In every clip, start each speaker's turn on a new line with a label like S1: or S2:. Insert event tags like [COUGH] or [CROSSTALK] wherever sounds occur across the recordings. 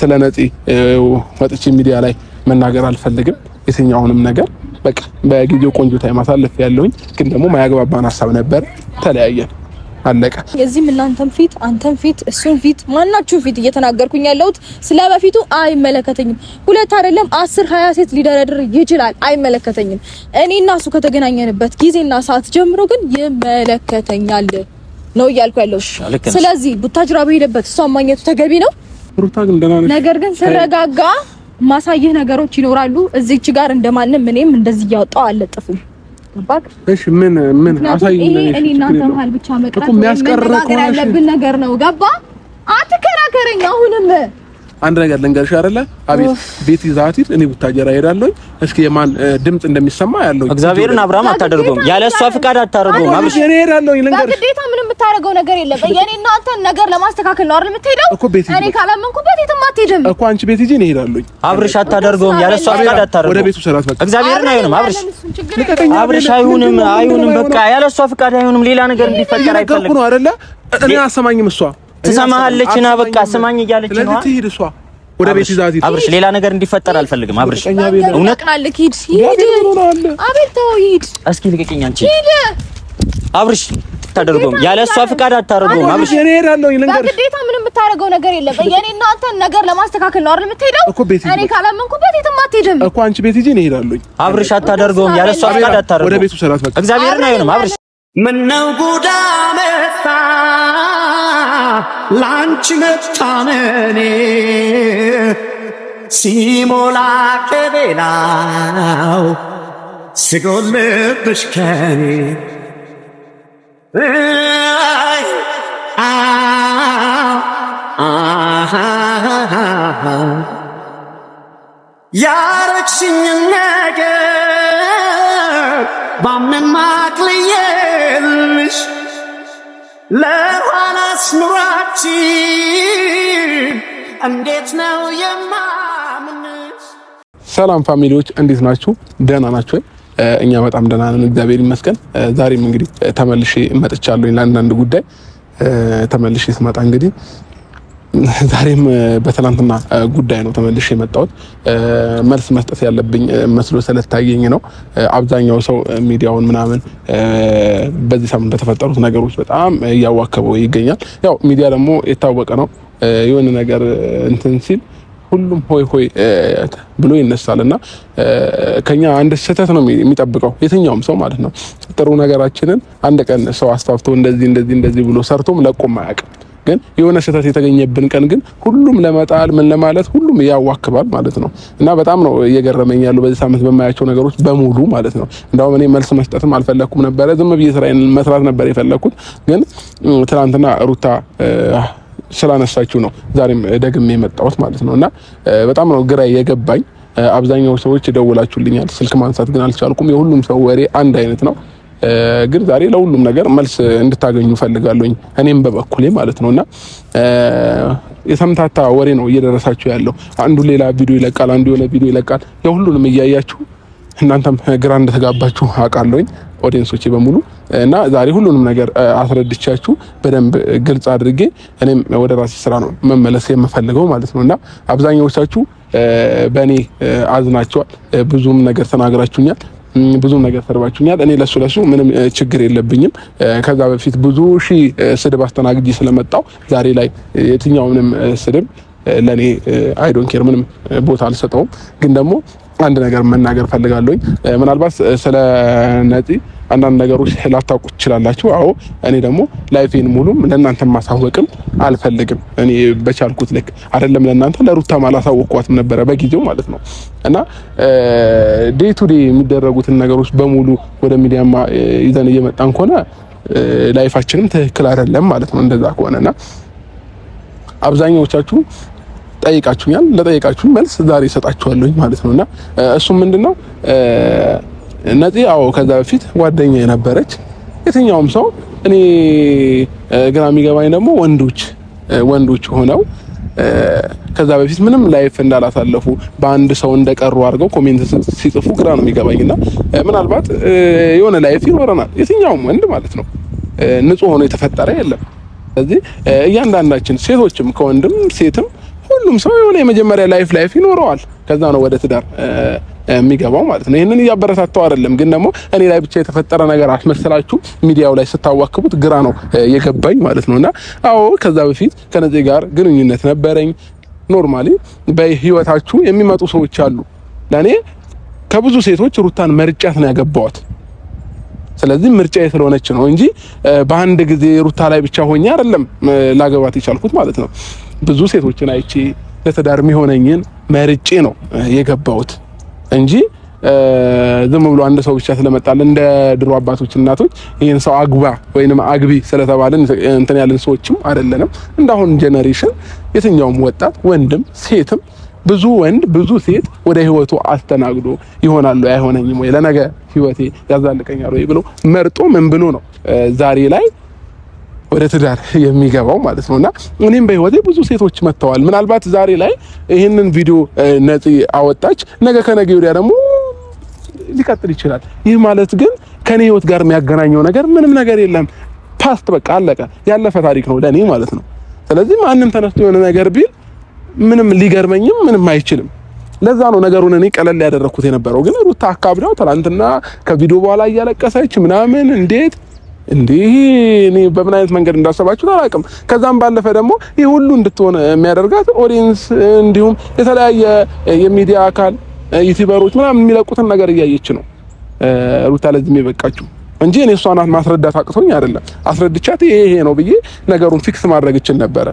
S1: ስለ ነፂ ሚዲያ ላይ መናገር አልፈልግም። የትኛውንም ነገር በቃ በጊዜው ቆንጆ ታይም አሳልፍ ያለውኝ ግን ደግሞ ማያግባባን ሀሳብ ነበር። ተለያየን፣ አለቀ።
S2: የዚህም እናንተም ፊት አንተም ፊት እሱን ፊት ማናችሁም ፊት እየተናገርኩኝ ያለሁት ስለ በፊቱ አይመለከተኝም። ሁለት አይደለም አስር ሀያ ሴት ሊደረድር ይችላል፣ አይመለከተኝም። እኔ እና እሱ ከተገናኘንበት ጊዜና ሰዓት ጀምሮ ግን ይመለከተኛል ነው እያልኩ ያለሁሽ። ስለዚህ ቡታጅራ በሄደበት እሷን ማግኘቱ ተገቢ ነው። ነገር ግን ስረጋጋ ማሳየህ ነገሮች ይኖራሉ። እዚች ጋር እንደማንም እኔም እንደዚህ እያወጣሁ አልለጥፍም።
S1: እሺ ምን ምን
S2: አሳይ እኔ እናንተ መሀል ብቻ
S1: መቅረት እኮ የሚያስቀር
S2: ነገር ነው። ገባ አትከራከረኝ አሁንም
S1: አንድ ነገር ልንገርሽ አይደለ አቤት ቤት ይዛት እኔ ቡታጀራ እሄዳለሁ። እስኪ የማን ድምጽ እንደሚሰማ
S3: ያለው እግዚአብሔርን አብርሃም አታደርገውም፣ ያለ እሷ ፍቃድ አታደርገውም።
S1: አብርሽ እኔ እሄዳለሁ። ልንገርሽ ግዴታ ምንም የምታደርገው ነገር የለም። እና አንተ ነገር ለማስተካከል ነው አይደል የምትሄደው እኮ ቤት
S2: እኔ ካላመንኩበት የትም አትሄድም
S1: እኮ አንቺ ቤት ሂጂ፣ እኔ እሄዳለሁ።
S3: አብርሽ አታደርገውም፣ ያለ እሷ ፍቃድ አታደርገውም። ወደ ቤቱ ሰራት በቃ እግዚአብሔርን አይሆንም። አብርሽ አብርሽ አይሆንም፣ አይሆንም በቃ ያለ እሷ ፍቃድ አይሆንም። ሌላ ነገር እንዲፈጠር
S1: አይፈልግም እኔ አሰማኝም እሷ
S3: ትሰማሃለች እና በቃ ስማኝ እያለች
S1: ነው። እሷ ወደ ቤት ይዛት አብርሽ ሌላ ነገር እንዲፈጠር አልፈልግም። አብርሽ
S2: እውነት ሂድ
S1: ሂድ። አቤት ተው ሂድ።
S3: እስኪ ልቀቂኝ አንቺ ሂድ አብርሽ አታደርገውም ያለ እሷ ፍቃድ አታደርገውም።
S1: አብርሽ እኔ እሄዳለሁ። ይልንገርሽ በግዴታ ምንም የምታደርገው ነገር የለም። የኔ እና አንተ ነገር ለማስተካከል ነው አይደል የምትሄደው? እኔ
S2: ካላመንኩበት የትም አትሄድም
S1: እኮ አንቺ ቤት ሂጂ፣ እኔ እሄዳለሁ።
S3: አብርሽ አታደርገውም፣ ያለ እሷ ፍቃድ አታደርገውም። ወደ ቤቱ ሰላት እግዚአብሔርን አይሆንም። አብርሽ
S4: ጉዳሜ ላንቺ መጣነኔ ሲሞላ ከሌላው ስጎልብሽ ከኔ ያረግሽኝን ነገር ባምን ማክልየልሽ እንዴት ነው የማምንሽ?
S1: ሰላም ፋሚሊዎች እንዴት ናችሁ? ደህና ናችሁ? እኛ በጣም ደህና ነን፣ እግዚአብሔር ይመስገን። ዛሬም እንግዲህ ተመልሼ መጥቻለሁ ለአንዳንድ ጉዳይ ተመልሼ ስመጣ እንግዲህ ዛሬም በትናንትና ጉዳይ ነው ተመልሼ የመጣሁት። መልስ መስጠት ያለብኝ መስሎ ስለታየኝ ነው። አብዛኛው ሰው ሚዲያውን ምናምን በዚህ ሳምንት በተፈጠሩት ነገሮች በጣም እያዋከበው ይገኛል። ያው ሚዲያ ደግሞ የታወቀ ነው። የሆነ ነገር እንትን ሲል ሁሉም ሆይ ሆይ ብሎ ይነሳል እና ከኛ አንድ ስህተት ነው የሚጠብቀው የትኛውም ሰው ማለት ነው። ጥሩ ነገራችንን አንድ ቀን ሰው አስፋፍቶ እንደዚህ እንደዚህ እንደዚህ ብሎ ሰርቶም ለቆም አያውቅም። ግን የሆነ ስህተት የተገኘብን ቀን ግን ሁሉም ለመጣል ምን ለማለት ሁሉም ያዋክባል ማለት ነው እና በጣም ነው እየገረመኝ ያሉ በዚህ ሳምንት በማያቸው ነገሮች በሙሉ ማለት ነው። እንዳውም እኔ መልስ መስጠትም አልፈለኩም ነበረ። ዝም ብዬ ስራዬን መስራት ነበር የፈለኩት። ግን ትናንትና ሩታ ስላነሳችሁ ነው ዛሬም ደግሜ የመጣሁት ማለት ነው እና በጣም ነው ግራ የገባኝ። አብዛኛው ሰዎች ደውላችሁልኛል፣ ስልክ ማንሳት ግን አልቻልኩም። የሁሉም ሰው ወሬ አንድ አይነት ነው። ግን ዛሬ ለሁሉም ነገር መልስ እንድታገኙ ፈልጋለሁኝ እኔም በበኩሌ ማለት ነውና የተምታታ ወሬ ነው እየደረሳችሁ ያለው። አንዱ ሌላ ቪዲዮ ይለቃል፣ አንዱ የሆነ ቪዲዮ ይለቃል። የሁሉንም እያያችሁ እናንተም ግራ እንደተጋባችሁ አውቃለሁኝ ኦዲየንሶቼ በሙሉ እና ዛሬ ሁሉንም ነገር አስረድቻችሁ በደንብ ግልጽ አድርጌ እኔም ወደ ራሴ ስራ ነው መመለስ የምፈልገው ማለት ነው እና አብዛኛዎቻችሁ በእኔ አዝናቸዋል። ብዙም ነገር ተናግራችሁኛል። ብዙ ነገር ሰርባችሁኛል። እኔ ለሱ ለሱ ምንም ችግር የለብኝም። ከዛ በፊት ብዙ ሺ ስድብ አስተናግጄ ስለመጣው ዛሬ ላይ የትኛውንም ስድብ ለእኔ አይዶን ኬር ምንም ቦታ አልሰጠውም። ግን ደግሞ አንድ ነገር መናገር ፈልጋለሁኝ ምናልባት ስለ ነፂ አንዳንድ ነገሮች ላታውቁ ትችላላችሁ። አዎ እኔ ደግሞ ላይፌን ሙሉም ለእናንተ ማሳወቅም አልፈልግም። እኔ በቻልኩት ልክ አይደለም ለእናንተ ለሩታ ማላሳወቅኳትም ነበረ በጊዜው ማለት ነው። እና ዴይ ቱ ዴይ የሚደረጉትን ነገሮች በሙሉ ወደ ሚዲያማ ይዘን እየመጣን ከሆነ ላይፋችንም ትክክል አይደለም ማለት ነው። እንደዛ ከሆነ እና አብዛኛዎቻችሁ ጠይቃችሁኛል። ለጠይቃችሁ መልስ ዛሬ እሰጣችኋለሁ ማለት ነውና እሱ ምንድነው ነፂ አዎ፣ ከዛ በፊት ጓደኛ የነበረች የትኛውም ሰው እኔ ግራ የሚገባኝ ደግሞ ወንዶች ወንዶች ሆነው ከዛ በፊት ምንም ላይፍ እንዳላሳለፉ በአንድ ሰው እንደቀሩ አድርገው ኮሜንት ሲጽፉ ግራ ነው የሚገባኝና ምናልባት የሆነ ላይፍ ይኖረናል የትኛውም ወንድ ማለት ነው። ንጹህ ሆኖ የተፈጠረ የለም። ስለዚህ እያንዳንዳችን ሴቶችም ከወንድም ሴትም ሁሉም ሰው የሆነ የመጀመሪያ ላይፍ ላይፍ ይኖረዋል። ከዛ ነው ወደ ትዳር የሚገባው ማለት ነው። ይህንን እያበረታተው አይደለም፣ ግን ደግሞ እኔ ላይ ብቻ የተፈጠረ ነገር አስመስላችሁ ሚዲያው ላይ ስታዋክቡት ግራ ነው የገባኝ ማለት እና አዎ ከዛ በፊት ከነዚህ ጋር ግንኙነት ነበረኝ። ኖርማሊ በህይወታችሁ የሚመጡ ሰዎች አሉ። ለእኔ ከብዙ ሴቶች ሩታን መርጫት ነው ያገባዋት። ስለዚህ ምርጫ ስለሆነች ነው እንጂ በአንድ ጊዜ ሩታ ላይ ብቻ ሆኜ አይደለም ላገባት የቻልኩት ማለት ነው። ብዙ ሴቶችን አይቼ ለትዳር የሚሆነኝን መርጬ ነው የገባሁት። እንጂ ዝም ብሎ አንድ ሰው ብቻ ስለመጣልን እንደ ድሮ አባቶች እናቶች ይህን ሰው አግባ ወይንም አግቢ ስለተባለን እንትን ያለን ሰዎችም አይደለንም። እንዳሁን ጀነሬሽን የትኛውም ወጣት ወንድም ሴትም ብዙ ወንድ ብዙ ሴት ወደ ህይወቱ አስተናግዶ ይሆናሉ አይሆነኝም ወይ ለነገ ህይወቴ ያዛልቀኛል ወይ ብሎ መርጦ ምን ብሎ ነው ዛሬ ላይ ወደ ትዳር የሚገባው ማለት ነውና እኔም በህይወቴ ብዙ ሴቶች መጥተዋል። ምናልባት ዛሬ ላይ ይህንን ቪዲዮ ነፂ አወጣች፣ ነገ ከነገ ወዲያ ደግሞ ሊቀጥል ይችላል። ይህ ማለት ግን ከኔ ህይወት ጋር የሚያገናኘው ነገር ምንም ነገር የለም። ፓስት በቃ አለቀ፣ ያለፈ ታሪክ ነው ለኔ ማለት ነው። ስለዚህ ማንም ተነስቶ የሆነ ነገር ቢል ምንም ሊገርመኝም ምንም አይችልም። ለዛ ነው ነገሩን እኔ ቀለል ያደረኩት የነበረው። ግን ሩታ አካብዳው ትናንትና ከቪዲዮ በኋላ እያለቀሰች ምናምን እንዴት እንዴ እኔ በምን አይነት መንገድ እንዳሰባችሁ አላውቅም። ከዛም ባለፈ ደግሞ ይህ ሁሉ እንድትሆን የሚያደርጋት ኦዲየንስ፣ እንዲሁም የተለያየ የሚዲያ አካል ዩቲዩበሮች ምናምን የሚለቁትን ነገር እያየች ነው ሩታ ለዚህም የበቃችሁ እንጂ እኔ እሷን ማስረዳት አቅቶኝ አይደለም። አስረድቻት ይሄ ነው ብዬ ነገሩን ፊክስ ማድረግ እችል ነበረ።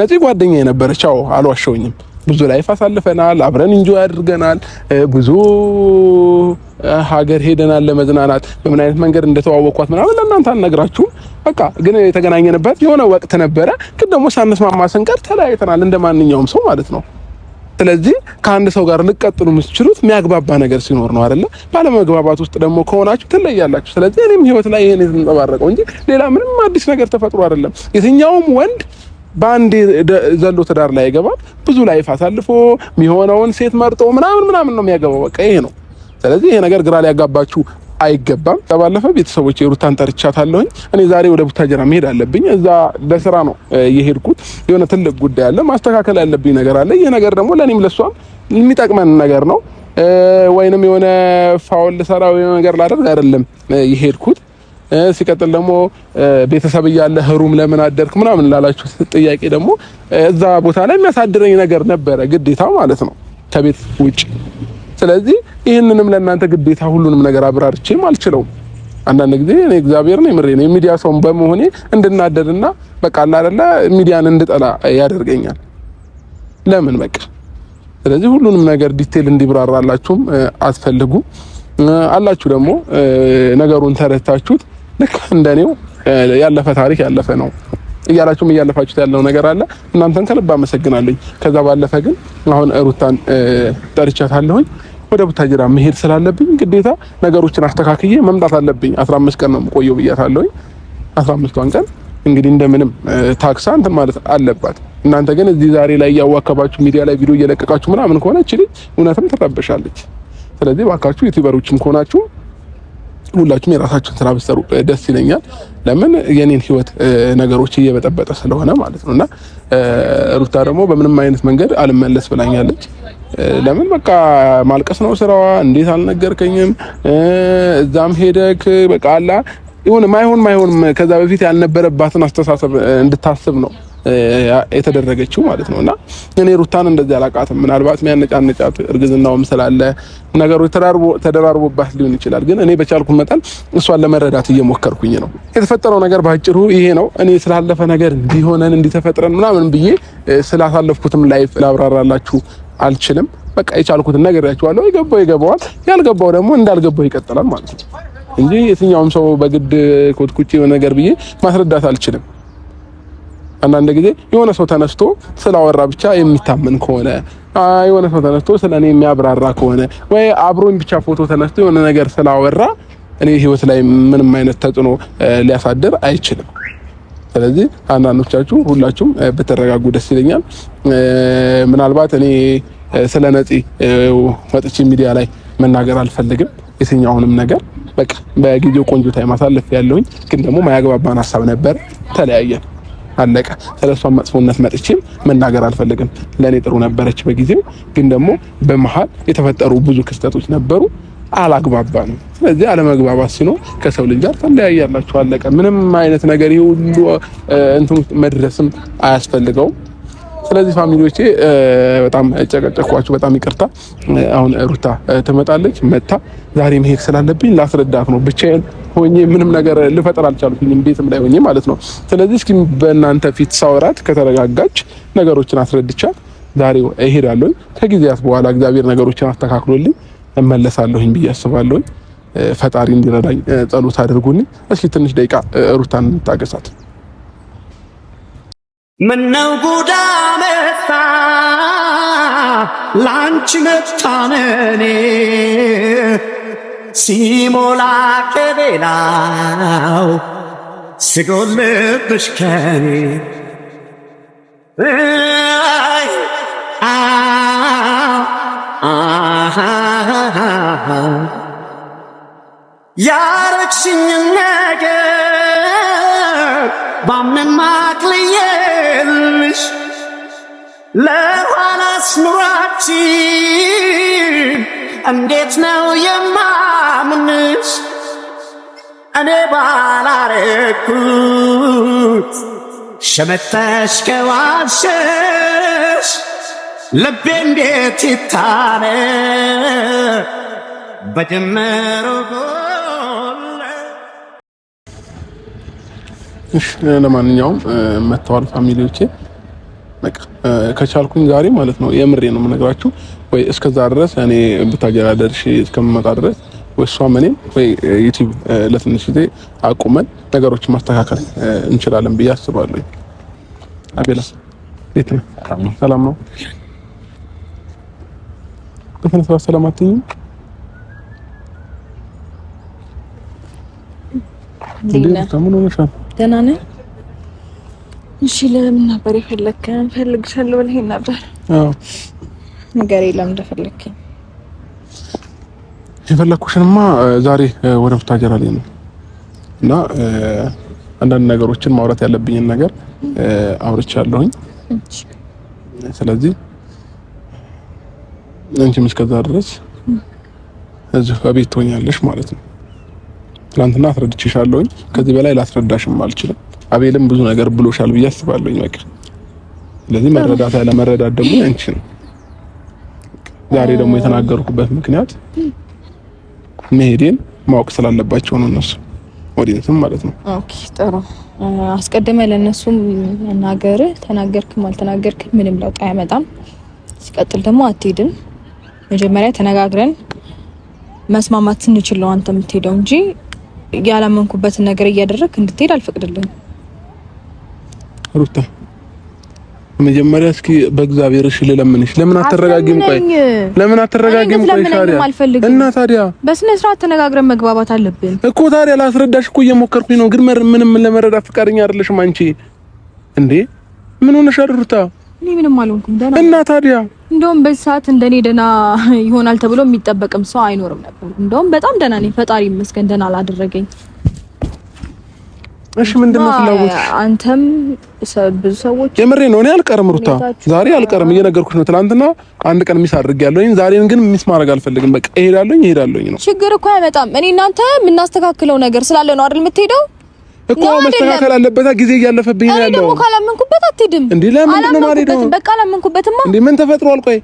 S1: ነፂ ጓደኛ የነበረች አዎ፣ አልዋሸውኝም። ብዙ ላይፍ አሳልፈናል። አብረን እንጆ አድርገናል። ብዙ ሀገር ሄደናል ለመዝናናት። በምን አይነት መንገድ እንደተዋወቅኳት ምናምን ለእናንተ አልነግራችሁም። በቃ ግን የተገናኘንበት የሆነ ወቅት ነበረ። ግን ደግሞ ሳንስማማ ስንቀር ተለያይተናል፣ እንደ ማንኛውም ሰው ማለት ነው። ስለዚህ ከአንድ ሰው ጋር ልቀጥሉ የምትችሉት የሚያግባባ ነገር ሲኖር ነው አይደለ? ባለመግባባት ውስጥ ደግሞ ከሆናችሁ ትለያላችሁ። ስለዚህ እኔም ህይወት ላይ ይሄን የተንጸባረቀው እንጂ ሌላ ምንም አዲስ ነገር ተፈጥሮ አይደለም። የትኛውም ወንድ በአንድ ዘሎ ትዳር ላይ ይገባል። ብዙ ላይፍ አሳልፎ የሚሆነውን ሴት መርጦ ምናምን ምናምን ነው የሚያገባው። በቃ ይሄ ነው። ስለዚህ ይሄ ነገር ግራ ሊያጋባችሁ አይገባም። ባለፈ ቤተሰቦች የሩታን ጠርቻታለሁኝ። እኔ ዛሬ ወደ ቡታጀራ መሄድ አለብኝ። እዛ ለስራ ነው የሄድኩት። የሆነ ትልቅ ጉዳይ አለ፣ ማስተካከል ያለብኝ ነገር አለ። ይህ ነገር ደግሞ ለእኔም ለሷም የሚጠቅመን ነገር ነው። ወይንም የሆነ ፋውል ልሰራ ነገር ላደርግ አይደለም የሄድኩት ሲቀጥል ደግሞ ቤተሰብ እያለ ህሩም ለምን አደርክ ምናምን ላላችሁ ጥያቄ ደግሞ እዛ ቦታ ላይ የሚያሳድረኝ ነገር ነበረ ግዴታ ማለት ነው ከቤት ውጭ። ስለዚህ ይህንንም ለእናንተ ግዴታ ሁሉንም ነገር አብራርቼም አልችለውም። አንዳንድ ጊዜ እኔ እግዚአብሔር ነው ምሬ ነው የሚዲያ ሰውም በመሆኔ እንድናደድና በቃ አላ ሚዲያን እንድጠላ ያደርገኛል። ለምን በቃ ስለዚህ ሁሉንም ነገር ዲቴል እንዲብራራላችሁም አትፈልጉ አላችሁ ደግሞ ነገሩን ተረታችሁት ልክ እንደኔው ያለፈ ታሪክ ያለፈ ነው እያላችሁም እያለፋችሁት ያለው ነገር አለ። እናንተን ከልብ አመሰግናለኝ። ከዛ ባለፈ ግን አሁን ሩታን ጠርቻታለሁኝ ወደ ቡታጅራ መሄድ ስላለብኝ ግዴታ ነገሮችን አስተካክዬ መምጣት አለብኝ። 15 ቀን ነው የምቆየው ብያታለሁኝ። 15ቷን ቀን እንግዲህ እንደምንም ታክሳ እንትን ማለት አለባት። እናንተ ግን እዚህ ዛሬ ላይ እያዋከባችሁ ሚዲያ ላይ ቪዲዮ እየለቀቃችሁ ምናምን ከሆነ እቺ እውነትም ትረበሻለች። ስለዚህ ባካችሁ ዩቲዩበሮችም ከሆናችሁ ሁላችሁም የራሳችሁን ስራ ብትሰሩ ደስ ይለኛል። ለምን የኔን ህይወት ነገሮች እየበጠበጠ ስለሆነ ማለት ነው። እና ሩታ ደግሞ በምንም አይነት መንገድ አልመለስ ብላኛለች። ለምን በቃ ማልቀስ ነው ስራዋ። እንዴት አልነገርከኝም? እዛም ሄደክ በቃ አላ ይሁን ማይሆን ማይሆን ከዛ በፊት ያልነበረባትን አስተሳሰብ እንድታስብ ነው የተደረገችው ማለት ነው። እና እኔ ሩታን እንደዚህ አላቃትም። ምናልባት የሚያነጫነጫት እርግዝናውም ስላለ ነገሮች ተደራርቦባት ሊሆን ይችላል። ግን እኔ በቻልኩ መጠን እሷን ለመረዳት እየሞከርኩኝ ነው። የተፈጠረው ነገር ባጭሩ ይሄ ነው። እኔ ስላለፈ ነገር እንዲሆነን እንዲተፈጥረን ምናምን ብዬ ስላሳለፍኩትም ላይፍ ላብራራላችሁ አልችልም። በቃ የቻልኩትን ነግሬያችኋለሁ። የገባው ይገባዋል፣ ያልገባው ደግሞ እንዳልገባው ይቀጥላል ማለት ነው እንጂ የትኛውም ሰው በግድ ኮትኩቼ የሆነ ነገር ብዬ ማስረዳት አልችልም። አንዳንድ ጊዜ የሆነ ሰው ተነስቶ ስላወራ ብቻ የሚታመን ከሆነ የሆነ ሰው ተነስቶ ስለ እኔ የሚያብራራ ከሆነ ወይ አብሮኝ ብቻ ፎቶ ተነስቶ የሆነ ነገር ስላወራ እኔ ህይወት ላይ ምንም አይነት ተጽዕኖ ሊያሳድር አይችልም። ስለዚህ አንዳንዶቻችሁ ሁላችሁም በተረጋጉ ደስ ይለኛል። ምናልባት እኔ ስለ ነፂ መጥቼ ሚዲያ ላይ መናገር አልፈልግም። የትኛውንም ነገር በቃ በጊዜው ቆንጆ ታይም አሳልፍ ያለውኝ ግን ደግሞ ማያግባባን ሀሳብ ነበር፣ ተለያየን። አለቀ። ስለሷ መጥፎነት መጥቼም መናገር አልፈልግም። ለእኔ ጥሩ ነበረች በጊዜው፣ ግን ደግሞ በመሀል የተፈጠሩ ብዙ ክስተቶች ነበሩ። አላግባባ ነው። ስለዚህ አለመግባባት ሲኖር ከሰው ልጅ ጋር ተለያያላችሁ፣ አለቀ። ምንም አይነት ነገር ይሁሉ ሁሉ እንትን መድረስም አያስፈልገውም። ስለዚህ ፋሚሊዎቼ በጣም ጨቀጨኳችሁ፣ በጣም ይቅርታ። አሁን ሩታ ትመጣለች። መታ ዛሬ መሄድ ስላለብኝ ላስረዳት ነው። ብቻዬን ሆኜ ምንም ነገር ልፈጠር አልቻልኩኝም፣ ቤትም ላይ ሆኜ ማለት ነው። ስለዚህ እስኪ በእናንተ ፊት ሳወራት ከተረጋጋች ነገሮችን አስረድቻት ዛሬ እሄዳለሁኝ። ከጊዜያት በኋላ እግዚአብሔር ነገሮችን አስተካክሎልኝ እመለሳለሁኝ ብዬ አስባለሁኝ። ፈጣሪ እንዲረዳኝ ጸሎት አድርጉልኝ። እስኪ ትንሽ ደቂቃ ሩታን እንታገሳት። ምነው ጉዳ lanchime tanene simola che vela secondo me pescani ai ah, ah ah ah yar çinlege bammen makli yermiş lan የመቅደስ ኑራችን እንዴት ነው የማምንሽ? እኔ ባላረኩት ሸመተሽ ከዋሸሽ ልቤ እንዴት ይታነ በድምሩ ለማንኛውም መተዋል ፋሚሊዎቼ በቃ ከቻልኩኝ ዛሬ ማለት ነው የምሬ ነው የምነግራችሁ። ወይ እስከዛ ድረስ እኔ ብታገራደርሽ እስከምመጣ ድረስ ወይ እሷም እኔም ወይ ዩቲዩብ ለትንሽ ጊዜ አቁመን ነገሮች ማስተካከል እንችላለን ብዬ አስባለሁ። አቤላ እንዴት ነህ? ሰላም ነው? ከፈነ ስርዓት ሰላም አትይኝም?
S2: ደህና ነህ? እሺ ለምን ነበር የፈለግከን? ፈልግሻለሁ ብለኸኝ ነበር። አዎ ንገሪ፣ ለምን እንደፈለግከኝ።
S1: የፈለግኩሽንማ ዛሬ ወደ ቡታጀራ ላይ ነው እና አንዳንድ ነገሮችን ማውራት ያለብኝን ነገር አውርቻለሁኝ። ስለዚህ አንቺም እስከዛ ድረስ እዚሁ ከቤት ትሆኛለሽ ማለት ነው። ትናንትና አስረድቼሻለሁኝ። ከዚህ በላይ ላስረዳሽም አልችልም። አቤልም ብዙ ነገር ብሎሻል ብዬ አስባለሁኝ። በቃ ስለዚህ መረዳት ያለ መረዳት ደግሞ አንቺ ነው። ዛሬ ደግሞ የተናገርኩበት ምክንያት መሄዴን ማወቅ ስላለባቸው ነው እነሱ ወዲንስም ማለት ነው።
S2: ኦኬ ጥሩ። አስቀድመ ለእነሱም መናገር ተናገርክም አልተናገርክም ምንም ለውጥ አያመጣም። ሲቀጥል ደግሞ አትሄድም። መጀመሪያ ተነጋግረን መስማማት ስንችለው አንተ የምትሄደው እንጂ ያላመንኩበትን ነገር እያደረግ እንድትሄድ አልፈቅድልኝ።
S1: ሩታ መጀመሪያ እስኪ በእግዚአብሔር እሺ ልለምንሽ። ለምን አትረጋጊም? ቆይ ለምን አትረጋጊም?
S2: ቆይ ታዲያ እና ታዲያ በስነ ስርዓት ተነጋግረን መግባባት አለብን
S1: እኮ። ታዲያ ላስረዳሽ እኮ እየሞከርኩኝ ነው፣ ግን መር ምንም ለመረዳት ፈቃደኛ አይደለሽም አንቺ። እንዴ ምን ሆነሽ ሩታ?
S2: እኔ ምንም አልሆንኩም፣
S1: ደህና እና ታዲያ
S2: እንደውም በዚህ ሰዓት እንደኔ ደህና ይሆናል ተብሎ የሚጠበቅም ሰው አይኖርም ነበር። እንደውም በጣም ደህና ነኝ፣ ፈጣሪ ይመስገን። ደህና አላደረገኝ
S1: እሺ ምንድን ነው ፍላጎት?
S2: አንተም ብዙ ሰዎች
S1: የምሬ ነው። እኔ አልቀርም ሩታ፣ ዛሬ አልቀርም እየነገርኩሽ ነው። ትናንትና አንድ ቀን ሚስ አድርጌያለሁ። ዛሬን ግን ሚስ ማድረግ አልፈልግም። በቃ እሄዳለሁ፣ እሄዳለሁኝ እሄዳለሁኝ ነው
S2: ችግር እኮ አይመጣም። እኔ እናንተ የምናስተካክለው ነገር ስላለ ነው አይደል? የምትሄደው
S1: እኮ መስተካከል አለበት። ጊዜ እያለፈብኝ
S2: ነው ያለው። ደግሞ ካላመንኩበት አትሄድም እንዴ? ለምን ነው የማልሄደው? በቃ አላመንኩበትማ
S1: እንዴ። ምን ተፈጥሯል? ቆይ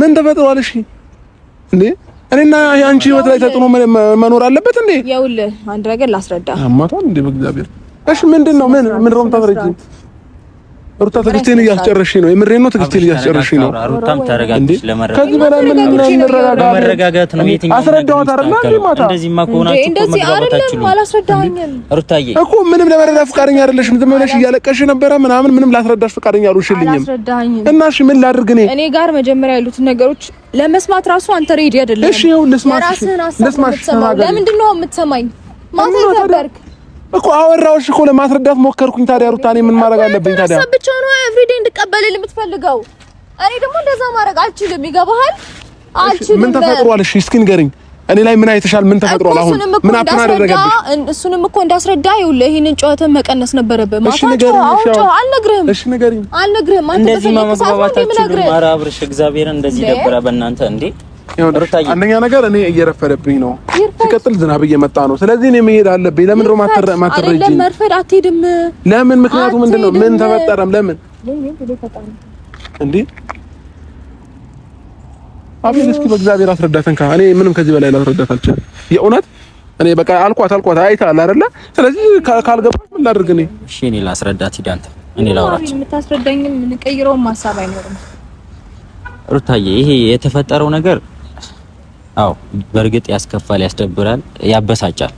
S1: ምን ተፈጥሯል? እሺ እንዴ እኔና የአንቺ ህይወት ላይ ተጽዕኖ መኖር አለበት እንዴ?
S2: ይኸውልህ አንድ ነገር ላስረዳ።
S1: አማቷን እንዴ በእግዚአብሔር። እሺ ምንድን ነው ምን ምን ሮም ሩታ ትዕግስቴን እያስጨረሽ ነው። የምሬ ነው። ትዕግስቴን እያስጨረሽ ነው።
S3: ሩታም ተረጋግተሽ
S1: ምንም ለመረዳ ፈቃደኛ አይደለሽም። ዝም ብለሽ እያለቀሽ ነበረ ምናምን። ምንም ላስረዳሽ ፈቃደኛ አልሆንሽልኝም። እና እሺ ምን ላድርግ? እኔ
S2: እኔ ጋር መጀመሪያ ያሉትን ነገሮች ለመስማት ራሱ አንተ ሬዲ አይደለም።
S1: እሺ ይኸውልህ፣ ልስማሽ፣
S2: ለምንድን ነው የምትሰማኝ? ማታ ተበርክ
S1: እኮ አወራሁሽ እኮ ለማስረዳት ሞከርኩኝ። ታዲያ ሩታ እኔ ምን ማድረግ አለብኝ ታዲያ?
S2: ሰብ ብቻ ነው ኤቭሪዴ እንድቀበልልህ የምትፈልገው። እኔ ደግሞ እንደዛ ማድረግ አልችልም። ይገባሃል?
S1: አልችልም። ምን ተፈጥሯል? እሺ እስኪ ንገሪኝ። እኔ ላይ ምን አይተሻል? ምን ተፈጥሯል?
S2: አሁን ምን አጥና አደረገብሽ? እሱንም እኮ እንዳስረዳ ይኸውልህ፣ ይሄንን ጨዋታ መቀነስ ነበረብህ። እሺ ንገሪኝ። እሺ አልነግርህም። እሺ ንገሪኝ። አልነግርህም።
S3: አንተ በሰላም ሰዓት ነው የምነግርህ። ኧረ አብርሽ፣ እግዚአብሔር እንደዚህ ደብረ በእናንተ እንዴ
S1: አንደኛ ነገር እኔ እየረፈደብኝ ነው፣ ሲቀጥል ዝናብ እየመጣ ነው። ስለዚህ እኔ መሄድ አለብኝ። ለምን ነው ማትረጂኝ? ለምን ምክንያቱ ምንድን ነው? ምን ተፈጠረም? ለምን እንዴ? አቤል እስኪ በእግዚአብሔር አስረዳተን። ካ እኔ ምንም ከዚህ በላይ ላስረዳት አልችልም። የእውነት እኔ በቃ አልኳት አልኳት አይታል አይደለ? ስለዚህ ካልገባሽ ምን ላድርግ እኔ?
S3: እሺ እኔ ላስረዳት ሂድ አንተ።
S2: እኔ ላውራት የምታስረዳኝም ልቀይረውም ሀሳብ አይኖርም
S3: ሩታዬ። ይሄ የተፈጠረው ነገር አዎ በእርግጥ ያስከፋል፣ ያስደብራል፣ ያበሳጫል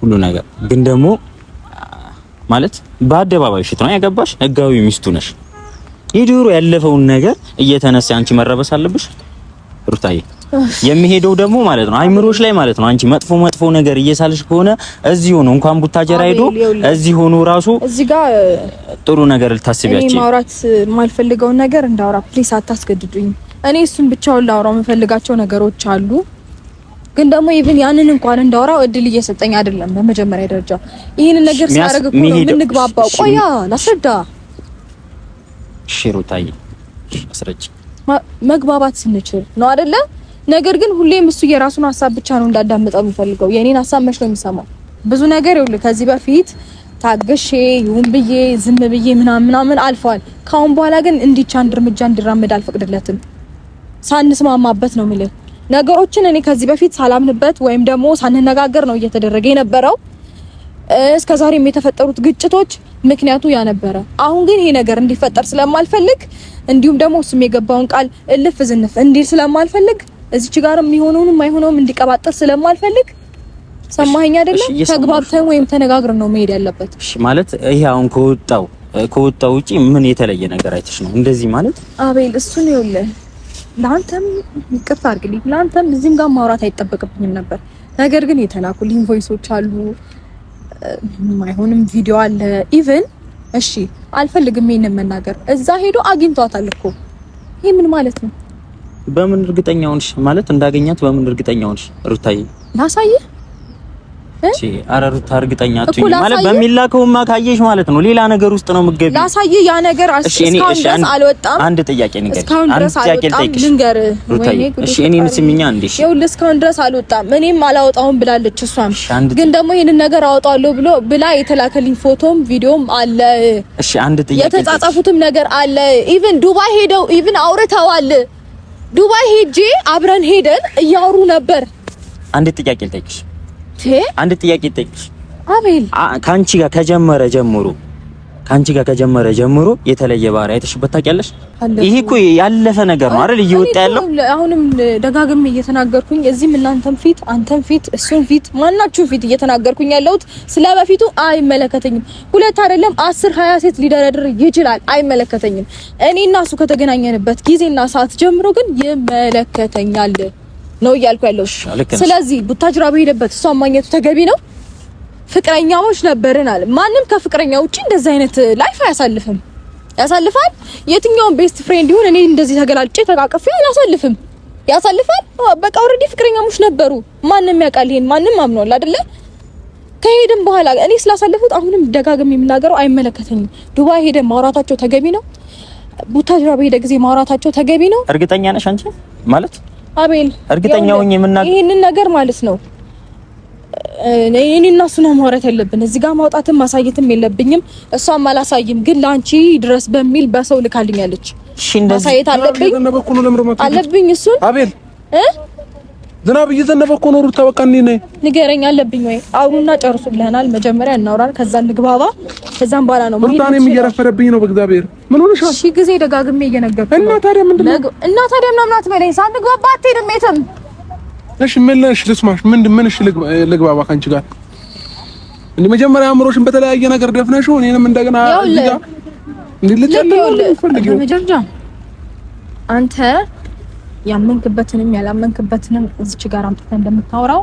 S3: ሁሉ ነገር ግን ደግሞ ማለት በአደባባይ ሽት ነው ያገባሽ፣ ህጋዊ ሚስቱ ነሽ። የድሮ ያለፈውን ነገር እየተነሳ አንቺ መረበስ አለብሽ ሩታዬ። የሚሄደው ደግሞ ማለት ነው አይምሮሽ ላይ ማለት ነው። አንቺ መጥፎ መጥፎ ነገር እየሳልሽ ከሆነ እዚህ ሆኖ እንኳን ቡታጀራ ሄዶ እዚህ ሆኖ ራሱ
S2: እዚህ ጋር ጥሩ ነገር ልታስቢያቸው። እኔ ማውራት የማልፈልገውን ነገር እንዳውራ ፕሊስ አታስገድዱኝ። እኔ እሱን ብቻውን ላውራው የምፈልጋቸው ነገሮች አሉ። ግን ደግሞ ኢቭን ያንን እንኳን እንዳውራው እድል እየሰጠኝ አይደለም። በመጀመሪያ ደረጃ ይህንን ነገር ሲያደርግ እኮ ነው የምንግባባው። ቆያ ላስረዳ።
S3: ሽሩታይ አስረጭ።
S2: መግባባት ስንችል ነው አይደለ? ነገር ግን ሁሌም እሱ የራሱን ሀሳብ ብቻ ነው እንዳዳምጠው የሚፈልገው። የኔን ሀሳብ መች ነው የሚሰማው? ብዙ ነገር ይኸውልህ፣ ከዚህ በፊት ታግሼ ይሁን ብዬ ዝም ብዬ ምናምን ምናምን አልፈዋል። በኋላ ግን እንዲቻ አንድ እርምጃ እንዲራመድ አልፈቅድለትም። ሳንስማማበት ነው የሚለው ነገሮችን እኔ ከዚህ በፊት ሳላምንበት ወይም ደግሞ ሳንነጋገር ነው እየተደረገ የነበረው። እስከ ዛሬም የተፈጠሩት ግጭቶች ምክንያቱ ያ ነበረ። አሁን ግን ይሄ ነገር እንዲፈጠር ስለማልፈልግ እንዲሁም ደግሞ እሱም የገባውን ቃል እልፍ ዝንፍ እንዲል ስለማልፈልግ እዚች ጋር የሚሆነውን አይሆነውም እንዲቀባጥር ስለማልፈልግ ሰማኸኝ አይደለም? ተግባብተን ወይም ተነጋግረን ነው መሄድ ያለበት።
S3: እሺ ማለት ይሄ አሁን ከወጣው ከወጣው ውጪ ምን የተለየ ነገር አይተሽ ነው እንደዚህ ማለት
S2: አቤል? እሱን ይኸውልህ ለአንተም ይቅርታ አድርግልኝ። ለአንተም እዚህም ጋር ማውራት አይጠበቅብኝም ነበር። ነገር ግን የተላኩልኝ ቮይሶች አሉ፣ አይሆንም ቪዲዮ አለ። ኢቨን እሺ አልፈልግም ይሄንን መናገር፣ እዛ ሄዶ አግኝቷታል እኮ ይሄ ምን ማለት ነው?
S3: በምን እርግጠኛ ሆንሽ? ማለት እንዳገኛት በምን እርግጠኛ ሆንሽ? ሩታዬ ላሳየህ እቺ አረሩታ እርግጠኛ አትሁኝ ማለት በሚላከውማ ካየሽ ማለት ነው ሌላ ነገር ውስጥ ነው የምትገቢው።
S2: ላሳይ ያ ነገር እስካሁን ድረስ አልወጣም። አንድ ጥያቄ ንገሪኝ። እስካሁን ድረስ
S3: አልወጣም። ልንገርህ። እሺ እኔን ስሚኛ
S2: እንዴ! ይኸውልህ እስካሁን ድረስ አልወጣም፣ እኔም አላወጣሁም ብላለች። እሷም ግን ደግሞ ይሄንን ነገር አወጣዋለሁ ብሎ ብላ የተላከልኝ ፎቶም ቪዲዮም አለ። እሺ አንድ ጥያቄ የተጻጻፉትም ነገር አለ። ኢቭን ዱባይ ሄደው ኢቭን አውርተዋል። ዱባይ ሄጄ አብረን ሄደን እያወሩ ነበር።
S3: አንድ ጥያቄ ልጠይቅሽ አንድ ጥያቄ ጠይቅሽ። አቤል ከአንቺ ጋር ከጀመረ ጀምሮ ከአንቺ ጋር ከጀመረ ጀምሮ የተለየ ባህሪ አይተሽበት ታውቂያለሽ? ይሄ እኮ ያለፈ ነገር ነው አይደል? እየወጣ ያለው
S2: አሁንም ደጋግሜ እየተናገርኩኝ እዚህም እናንተም ፊት አንተም ፊት እሱም ፊት ማናችሁ ፊት እየተናገርኩኝ ያለሁት ስለ በፊቱ አይመለከተኝም። ሁለት አይደለም አስር ሀያ ሴት ሊደረድር ይችላል፣ አይመለከተኝም። እኔ እና እሱ ከተገናኘንበት ጊዜና ሰዓት ጀምሮ ግን ይመለከተኛል። ነው እያልኩ ያለሁሽ። ስለዚህ ቡታጅራ በሄደበት እሷን ማግኘቱ ተገቢ ነው። ፍቅረኛዎች ነበርን አለ። ማንም ከፍቅረኛ ውጪ እንደዚህ አይነት ላይፍ አያሳልፍም። ያሳልፋል? የትኛውን ቤስት ፍሬንድ ይሁን እኔ እንደዚህ ተገላልጬ ተቃቅፌ አላሳልፍም። ያሳልፋል? በቃ ኦልሬዲ ፍቅረኛሞች ነበሩ። ማንም ያውቃል ይሄን፣ ማንም አምኗል አይደለ? ከሄድም በኋላ እኔ ስላሳለፉት አሁንም ደጋግም የምናገረው አይመለከተኝም። ዱባይ ሄደ ማውራታቸው ተገቢ ነው። ቡታጅራ በሄደ ጊዜ ማውራታቸው ተገቢ ነው።
S3: እርግጠኛ ነሽ አንቺ ማለት አቤል እርግጠኛ ሆኜ የምናገር
S2: ይሄንን ነገር ማለት ነው እኔ እና እሱ ነው ማውራት ያለብን። እዚህ ጋር ማውጣትም ማሳየትም የለብኝም። እሷም አላሳይም፣ ግን ለአንቺ ድረስ በሚል በሰው ልካልኛለች። ማሳየት አለብኝ አለብኝ እሱን አቤል እ
S1: ዝናብ እየዘነበ እኮ ነው ሩታ። በቃ እኔ ነኝ
S2: ንገረኝ አለብኝ ወይ? አውሩና ጨርሱልናል። መጀመሪያ እናውራል፣ ከዛ ንግባባ፣ ከዛም በኋላ ነው
S1: ሩታ። እኔም እየረፈረብኝ ነው በእግዚአብሔር። ምን ሆነሻል? እሺ
S2: ጊዜ ደጋግሜ እየነገርኩ እና ታዲያ ምንድን ነው እና ታዲያ ምናምን አትበለኝ። ሳንግባባ አትሄድም የትም።
S1: እሺ ምን ነሽ? ልስማሽ። ምን ምን? እሺ ልግባባ ካንቺ ጋር እንዴ? መጀመሪያ አእምሮሽን በተለያየ ነገር ደፍነሽው እኔንም እንደገና እንዴ ልጨልም
S2: ነው ፈልጊው አንተ ያመንክበትንም ያላመንክበትንም እዚች ጋር አምጥተህ እንደምታወራው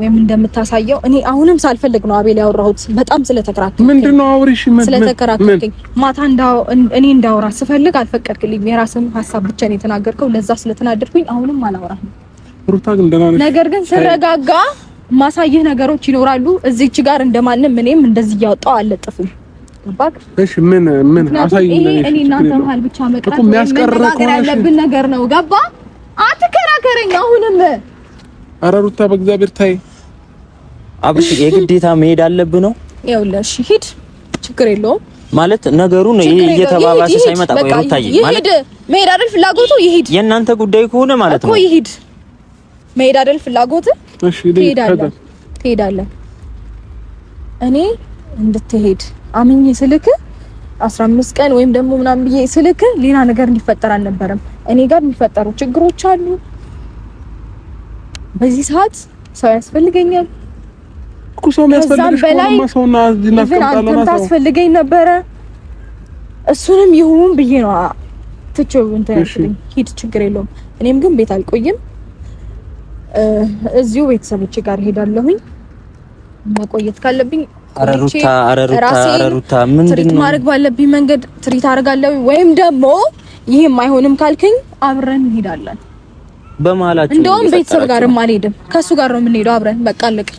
S2: ወይም እንደምታሳየው እኔ አሁንም ሳልፈልግ ነው አቤል ያወራሁት። በጣም ስለተከራከርኩኝ
S1: ምንድን ነው አውሪሽ፣
S2: ስለተከራከርኩኝ ማታ እኔ እንዳወራ ስፈልግ አልፈቀድክልኝ። የራስን ሀሳብ ብቻ ነው የተናገርከው። ለዛ ስለተናደድኩኝ አሁንም አላወራም። ነገር ግን ስረጋጋ ማሳየህ ነገሮች ይኖራሉ። እዚች ጋር እንደማንም እኔም እንደዚህ እያወጣሁ አልለጥፍም።
S1: እሺ ምን ምን
S2: አሳይ። እኔ እናንተ መሀል ብቻ መቅረት የሚያስቀር ነገር ነው። ገባ አትከራከረኝ። አሁንም
S1: ኧረ ሩታ በእግዚአብሔር ታይ።
S3: አብሽ የግዴታ መሄድ አለብህ ነው?
S2: ይኸውልህ እሺ ሂድ፣ ችግር የለውም
S3: ማለት ነገሩን እየተባባሰ
S2: ሳይመጣ ቆይ ሩታዬ፣ ማለት መሄድ አይደል ፍላጎቱ? ይሄድ
S3: የእናንተ ጉዳይ ከሆነ ማለት ነው እኮ
S2: ይሄድ። መሄድ አይደል ፍላጎት? እሺ ትሄዳለህ። እኔ እንድትሄድ አምኜ ስልክ አስራ አምስት ቀን ወይም ደግሞ ምናምን ብዬ ስልክ ሌላ ነገር እንዲፈጠር አልነበረም። እኔ ጋር የሚፈጠሩ ችግሮች አሉ። በዚህ ሰዓት ሰው ያስፈልገኛል። ከዛም አንተም ታስፈልገኝ ነበረ። እሱንም ይሁን ብዬ ነው ትቼው እንትን ሂድ ችግር የለውም። እኔም ግን ቤት አልቆይም፣ እዚሁ ቤተሰቦች ጋር ሄዳለሁኝ። መቆየት ካለብኝ
S3: ትሪት
S2: ማድረግ ባለብኝ መንገድ ትሪት አደርጋለሁ፣ ወይም ደግሞ ይህም አይሆንም ካልክኝ አብረን እንሄዳለን። በማላችሁ እንደውም ቤተሰብ ጋርም አልሄድም፣ ከእሱ ጋር ነው የምንሄደው አብረን። በቃ አለቀኝ።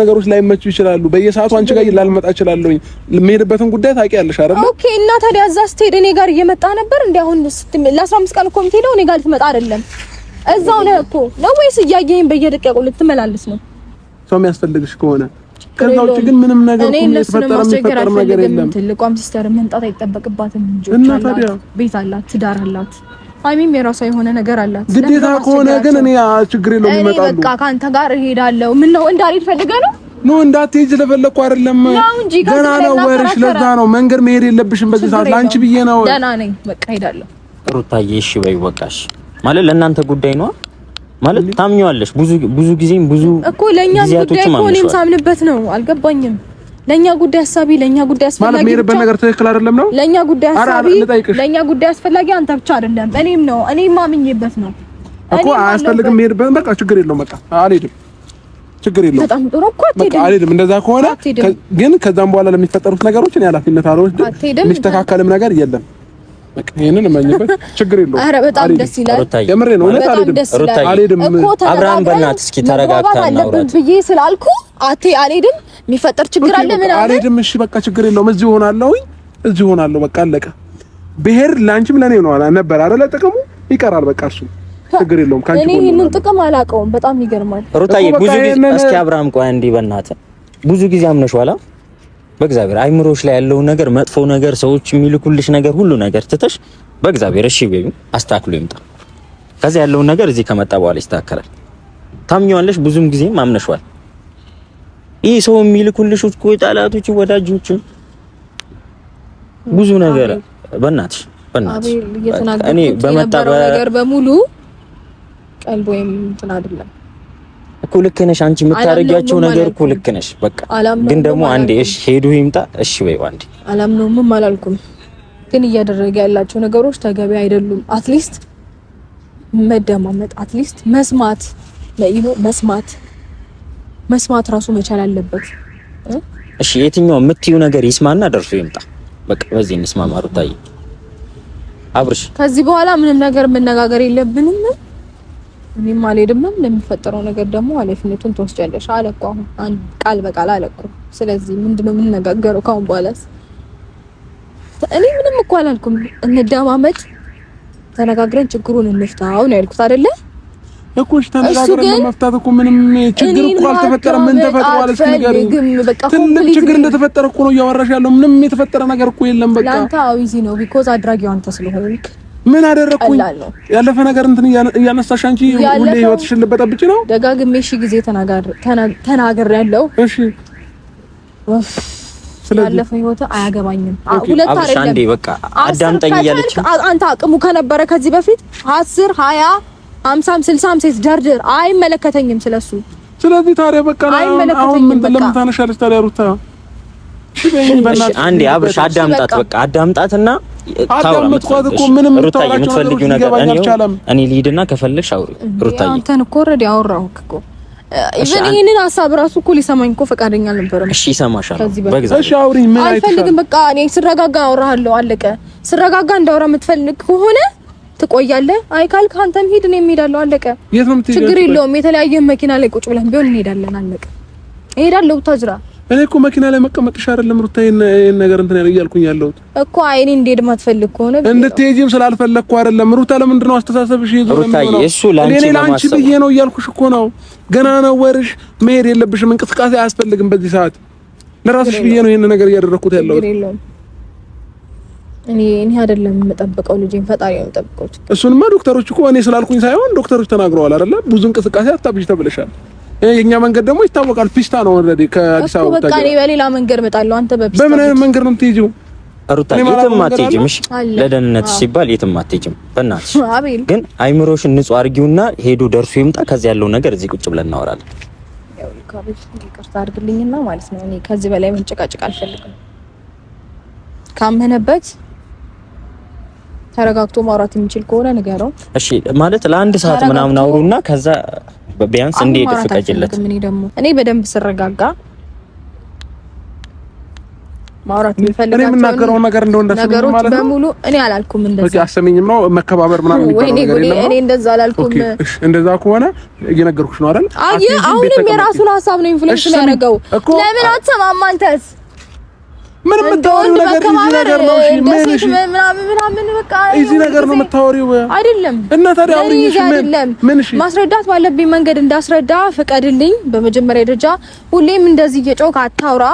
S1: ነገሮች ላይመቹ ይችላሉ። በየሰዓቱ አንቺ ጋር ላልመጣ እችላለሁ። የምሄድበትን ጉዳይ ታውቂያለሽ
S2: አይደል? ኦኬ። እና ታዲያ እዛ ስትሄድ እኔ ጋር እየመጣ ነበር እንዴ? አሁን ለ15 ቀን እኮ የምትሄደው እኔ ጋር ልትመጣ አይደለም። እዛው ነህ እኮ ነው ወይስ እያየኸኝ በየደቂቃው ልትመላለስ ነው?
S1: ሰው የሚያስፈልግሽ ከሆነ ከዛ ውጭ ግን ምንም ነገር
S2: የሚፈጠር ነገር የለም። ትልቋም ሲስተር መምጣት አይጠበቅባትም።
S1: ልጆች አላት፣
S2: ቤት አላት፣ ትዳር አላት። ሀይሚም የራሷ የሆነ ነገር አላት።
S1: ግዴታ ከሆነ ግን እኔ ችግር የለውም
S2: ይመጣሉ። በቃ ከአንተ ጋር እሄዳለሁ። ምን ነው እንዳልሄድ ፈልገህ ነው?
S1: ኖ እንዳትሄጂ ለፈለኩ አይደለም። ገና ነው ወርሽ። ለዛ ነው መንገድ መሄድ የለብሽም በዚህ ሰዓት። ለአንቺ ብዬ ነው።
S2: ደህና ነኝ፣ በቃ እሄዳለሁ።
S3: ሩታዬ፣ እሺ በይ በቃሽ። ማለት ለእናንተ ጉዳይ ነው ማለት ታምኘዋለሽ። ብዙ ብዙ ጊዜም ብዙ
S2: እኮ ለእኛም ጉዳይ እኮ እኔም ሳምንበት ነው። አልገባኝም ለኛ ጉዳይ አሳቢ ለኛ ጉዳይ
S1: አስፈላጊ ማለት ምን በነገር ትክክል አይደለም ነው። ለኛ ጉዳይ አሳቢ
S2: ለኛ ጉዳይ አስፈላጊ አንተ ብቻ አይደለም፣ እኔም ነው። እኔም ማምኝበት ነው
S1: እኮ አያስፈልግም። ሄድ በቃ ችግር የለውም በቃ አልሄድም። ችግር የለውም። በጣም ጥሩ እኮ አትሄድም። አልሄድም። እንደዛ ከሆነ ግን ከዛም በኋላ ለሚፈጠሩት ነገሮች እኔ ኃላፊነት አልወስድም። የሚስተካከልም ነገር የለም። ይሄንን እመኝበት ችግር የለውም።
S2: ኧረ በጣም ደስ ይላል።
S3: የምሬ ነው። እውነት አልሄድም እኮ አብርሃም፣ በእናትህ እስኪ ተረጋግተህ
S2: አለብን ብዬ ስላልኩ አቴ አልሄድም፣ የሚፈጠር ችግር
S1: አለ ምን አለ? አልሄድም። እሺ በቃ ችግር የለውም። እዚህ ሆናለሁ፣ እዚህ ሆናለሁ። በቃ አለቀ። ብሄድ ለአንቺም ለኔ ነው ነበር አይደለ? ጥቅሙ ይቀራል። በቃ እሱ ችግር የለውም። ካንቺ እኔ ይሄንን ጥቅም አላውቀውም። በጣም ይገርማል ሩታዬ። ብዙ ጊዜ እስኪ አብርሃም፣ ቆይ እንዲህ በእናትህ ብዙ ጊዜ አምነሽዋል በእግዚአብሔር አይምሮሽ ላይ ያለውን ነገር መጥፎ ነገር ሰዎች የሚልኩልሽ ነገር ሁሉ ነገር ትተሽ በእግዚአብሔር እሺ ቤቢ አስተካክሎ ይምጣ። ከዚያ ያለውን ነገር እዚህ ከመጣ በኋላ ይስተካከላል። ታምኘዋለሽ፣ ብዙም ጊዜም አምነሽዋል። ይህ ሰው የሚልኩልሽ እኮ ጠላቶች፣ ወዳጆች ብዙ ነገር በእናትሽ በእናትሽ እኔ በመጣ ነገር በሙሉ ቀልብ ወይም እንትን አይደለም እኮ ልክ ነሽ አንቺ የምታረጊያቸው ነገር እኮ ልክ ነሽ። በቃ ግን ደግሞ አንዴ እሺ ሄዱ ይምጣ እሺ በይው አንዴ። አላምነውም አላልኩም፣ ግን እያደረገ ያላቸው ነገሮች ተገቢ አይደሉም። አትሊስት መደማመጥ፣ አትሊስት መስማት ለይኖ መስማት መስማት ራሱ መቻል አለበት። እሺ የትኛው የምትዩ ነገር ይስማና ደርሶ ይምጣ። በቃ በዚህ እንስማማ ሩታዬ፣ አብርሽ ከዚህ በኋላ ምንም ነገር መነጋገር የለብንም። እኔም አልሄድምም። ለሚፈጠረው ነገር ደግሞ ኃላፊነቱን ትወስጃለሽ አለኩ። አሁን አንድ ቃል በቃል አለኩ። ስለዚህ ምንድነው የምንነጋገረው ካሁን በኋላስ? እኔ ምንም እኮ አላልኩም። እንደማመጥ ተነጋግረን ችግሩን እንፍታው ነው ያልኩት አይደለ እኮሽ ተነጋግረን መፍታት እኮ ምንም ችግር እኮ አልተፈጠረም። ምን ተፈጥሯል? እስኪ ንገሪኝ። ትልቅ ችግር እንደተፈጠረ እኮ ነው እያወራሽ ያለው። ምንም የተፈጠረ ነገር እኮ የለም። በቃ ለአንተ አዊዚ ነው ቢኮዝ አድራጊው አንተ ስለሆንክ ምን አደረግኩኝ? ያለፈ ነገር እንትን እያነሳሽ አንቺ ሁሌ ህይወትሽን ልበጠብጭ ነው። ደጋግሜ ሺ ጊዜ ተናገር ያለው እሺ። ያለፈ ህይወት አያገባኝም። ሁለት አይደለም በቃ አዳምጠኝ እያለች አንተ አቅሙ ከነበረ ከዚህ በፊት አስር ሀያ አምሳም ስልሳም ሴት ደርድር አይመለከተኝም ስለሱ። ስለዚህ ታዲያ በቃ አሁን ምን ለምን ታነሻለች ታዲያ ሩታ አንዴ አብርሽ አዳምጣት፣ በቃ አዳምጣትና አዳምጥኳት እኮ ምንም ሩታዬ፣ የምትፈልጊው ነገር እኔ ልሂድና ከፈለግሽ አውሪ ሩታዬ። አንተን እኮ ኦልሬዲ አወራሁህ እኮ ኢቨን ይሄንን ሀሳብ ራሱ እኮ ሊሰማኝ እኮ ፈቃደኛ አልነበረም። እሺ ይሰማሻል፣ በግዛት እሺ አውሪ። ምን አልፈልግም፣ በቃ እኔ ስረጋጋ አወራሃለሁ፣ አለቀ። ስረጋጋ እንዳወራ የምትፈልግ ከሆነ ትቆያለህ። አይ ካልክ አንተም ሂድ፣ እኔም እሄዳለሁ፣ አለቀ። ችግር የለውም። የተለያየ መኪና ላይ ቁጭ ብለን ቢሆን እንሄዳለን፣ አለቀ። እሄዳለሁ ቡታጅራ እኔ እኮ መኪና ላይ መቀመጥሽ አይደለም ሩታ፣ ይሄን ነገር እንትን እያልኩኝ ያለሁት እኮ አይኔ እንዴት ማትፈልግ ከሆነ እንድትሄጂም ስላልፈለግኩ አይደለም ሩታ። ለምንድን ነው አስተሳሰብሽ ይዞ ነው ላንቺ ነው ላንቺ ብዬ ነው እያልኩሽ እኮ ነው። ገና ነው ወርሽ፣ መሄድ የለብሽም እንቅስቃሴ አያስፈልግም በዚህ ሰዓት። ለራስሽ ብዬ ነው ይሄን ነገር እያደረኩት ያለሁት። እኔ እኔ አይደለም የምጠብቀው ልጄን ፈጣሪ ነው የምጠብቀው። እሱንማ ዶክተሮች እኮ እኔ ስላልኩኝ ሳይሆን ዶክተሮች ተናግረዋል አይደለ? ብዙ እንቅስቃሴ አታብዥ ተብለሻል። የኛ መንገድ ደግሞ ይታወቃል። ፒስታ ነው ኦልሬዲ ከአዲስ አበባ በቃ እኔ በሌላ መንገድ እመጣለሁ። አንተ በፒስታ በምን አይነት መንገድ ነው የምትሄጂው? ሩታ የትም አትሄጂም። እሺ ለደህንነትሽ ሲባል የትም አትሄጂም። በእናትሽ [LAUGHS] ግን አይምሮሽን ንጹህ አድርጊውና ሄዱ ደርሶ ይምጣ። ከዚህ ያለው ነገር እዚህ ቁጭ ብለን እናወራለን። ይቅርታ አድርግልኝና ማለት ነው እኔ ከዚህ በላይ መንጨቃጨቅ አልፈልግም ካመነበት ተረጋግቶ ማውራት የሚችል ከሆነ ንገረው። እሺ ማለት ለአንድ ሰዓት ምናምን አውሩና ከዛ ቢያንስ እንዲሄድ ፍቀጅለት። እኔ ደግሞ እኔ በደንብ ስረጋጋ ማውራት የሚፈልጋቸው የምናገረው ነገር እንደው ነገሮች በሙሉ እኔ አላልኩም። እንደዛ አሰሚኝም ነው መከባበር ምናምን ይባላል ነገር የለም። እኔ እንደዛ አላልኩም። እሺ እንደዛ ከሆነ እየነገርኩሽ ነው አይደል? አሁንም የራሱን ሀሳብ ነው ኢንፍሉዌንስ ያደረገው። ለምን አትሰማም አንተስ? ምን የምታወሪው ነገር እዚህ ነገር ነው? እሺ ምን እሺ ምናምን ምናምን በቃ እዚህ ነገር ነው የምታወሪው አይደለም። እና ታዲያ አውሪኝ። እሺ ምን ምን እሺ ማስረዳት ባለብኝ መንገድ እንዳስረዳ ፍቀድልኝ። በመጀመሪያ ደረጃ ሁሌም እንደዚህ እየጮክ አታውራ።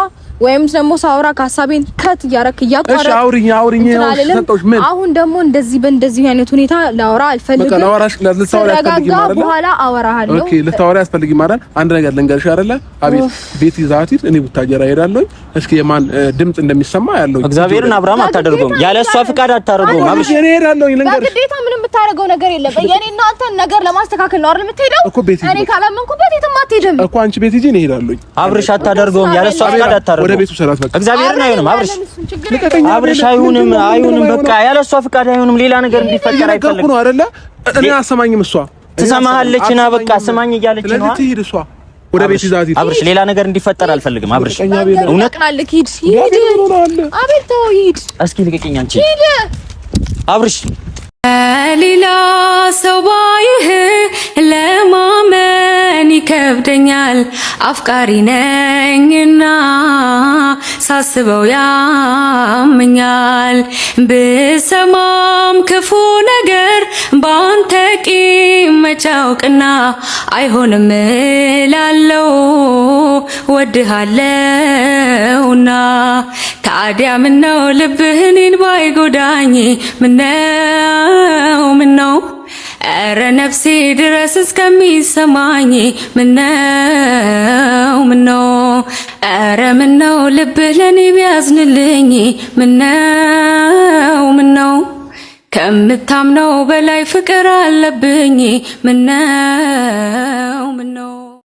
S1: ወይም ደግሞ ሳውራ ከሀሳቤን ከት እያረክ እያቋረጥ አውሪኝ አውሪኝ ነው ሰጠሽ። ምን አሁን ደግሞ እንደዚህ በእንደዚህ አይነት ሁኔታ ላውራ አልፈልግም። በቃ ላውራሽ ለልታውራ አልፈልግም አይደል? በኋላ አወራሃለሁ። ኦኬ፣ ልታውራ አልፈልግም አይደል? አንድ ነገር ልንገርሽ አይደለ? አቤት ቤት ይዛት እኔ ቡታጀራ እሄዳለሁ። እስኪ የማን ድምጽ እንደሚሰማ ያለው እግዚአብሔርን አብርሃም አታደርገውም፣ ያለ እሷ ፍቃድ አታደርገውም። አብሽ እኔ እሄዳለሁ። ልንገርሽ ግዴታ ምንም የምታደርገው ነገር የለም። የኔ እና አንተ ነገር ለማስተካከል ነው አይደል የምትሄደው? እኔ ካላመንኩበት የትም አትሄድም እኮ አንቺ ቤት ሂጂ፣ እኔ እሄዳለሁ። አብርሽ አታደርገውም፣ ያለ እሷ ፍቃድ አታደርገውም። ወደ ቤቱ ሰላት በቃ እግዚአብሔርን አይሆንም። አብርሽ አብርሽ አይሆንም፣ አይሆንም በቃ ያለ እሷ ፍቃድ አይሆንም። ሌላ ነገር እንዲፈጠር አይፈልግም ነው አይደለ? እኔ አሰማኝም። እሷ ትሰማሃለች እና በቃ ስማኝ እያለች ነው ትሄድ እሷ ወደ ቤት ይዛት ይሄድ። አብርሽ ሌላ ነገር እንዲፈጠር አልፈልግም። አብርሽ እውነት ሂድ፣ ሂድ፣ እስኪ ልቀቂኝ አንቺ አብርሽ ሌላ ሰው ባይህ ለማመን ይከብደኛል አፍቃሪ ነኝና ሳስበው ያምኛል ብሰማም ክፉ ነገር ባንተ ቂም መቻውቅና አይሆንም ላለው ወድሃለውና ታዲያ ምነው ልብህን ባይጎዳኝ ምነው ምነው እረ ነፍሴ ድረስ እስከሚሰማኝ ምነው ምነው እረ ምነው ልብህ ለኔ ቢያዝንልኝ ምነው ምነው ከምታምነው በላይ ፍቅር አለብኝ ምነው ምነው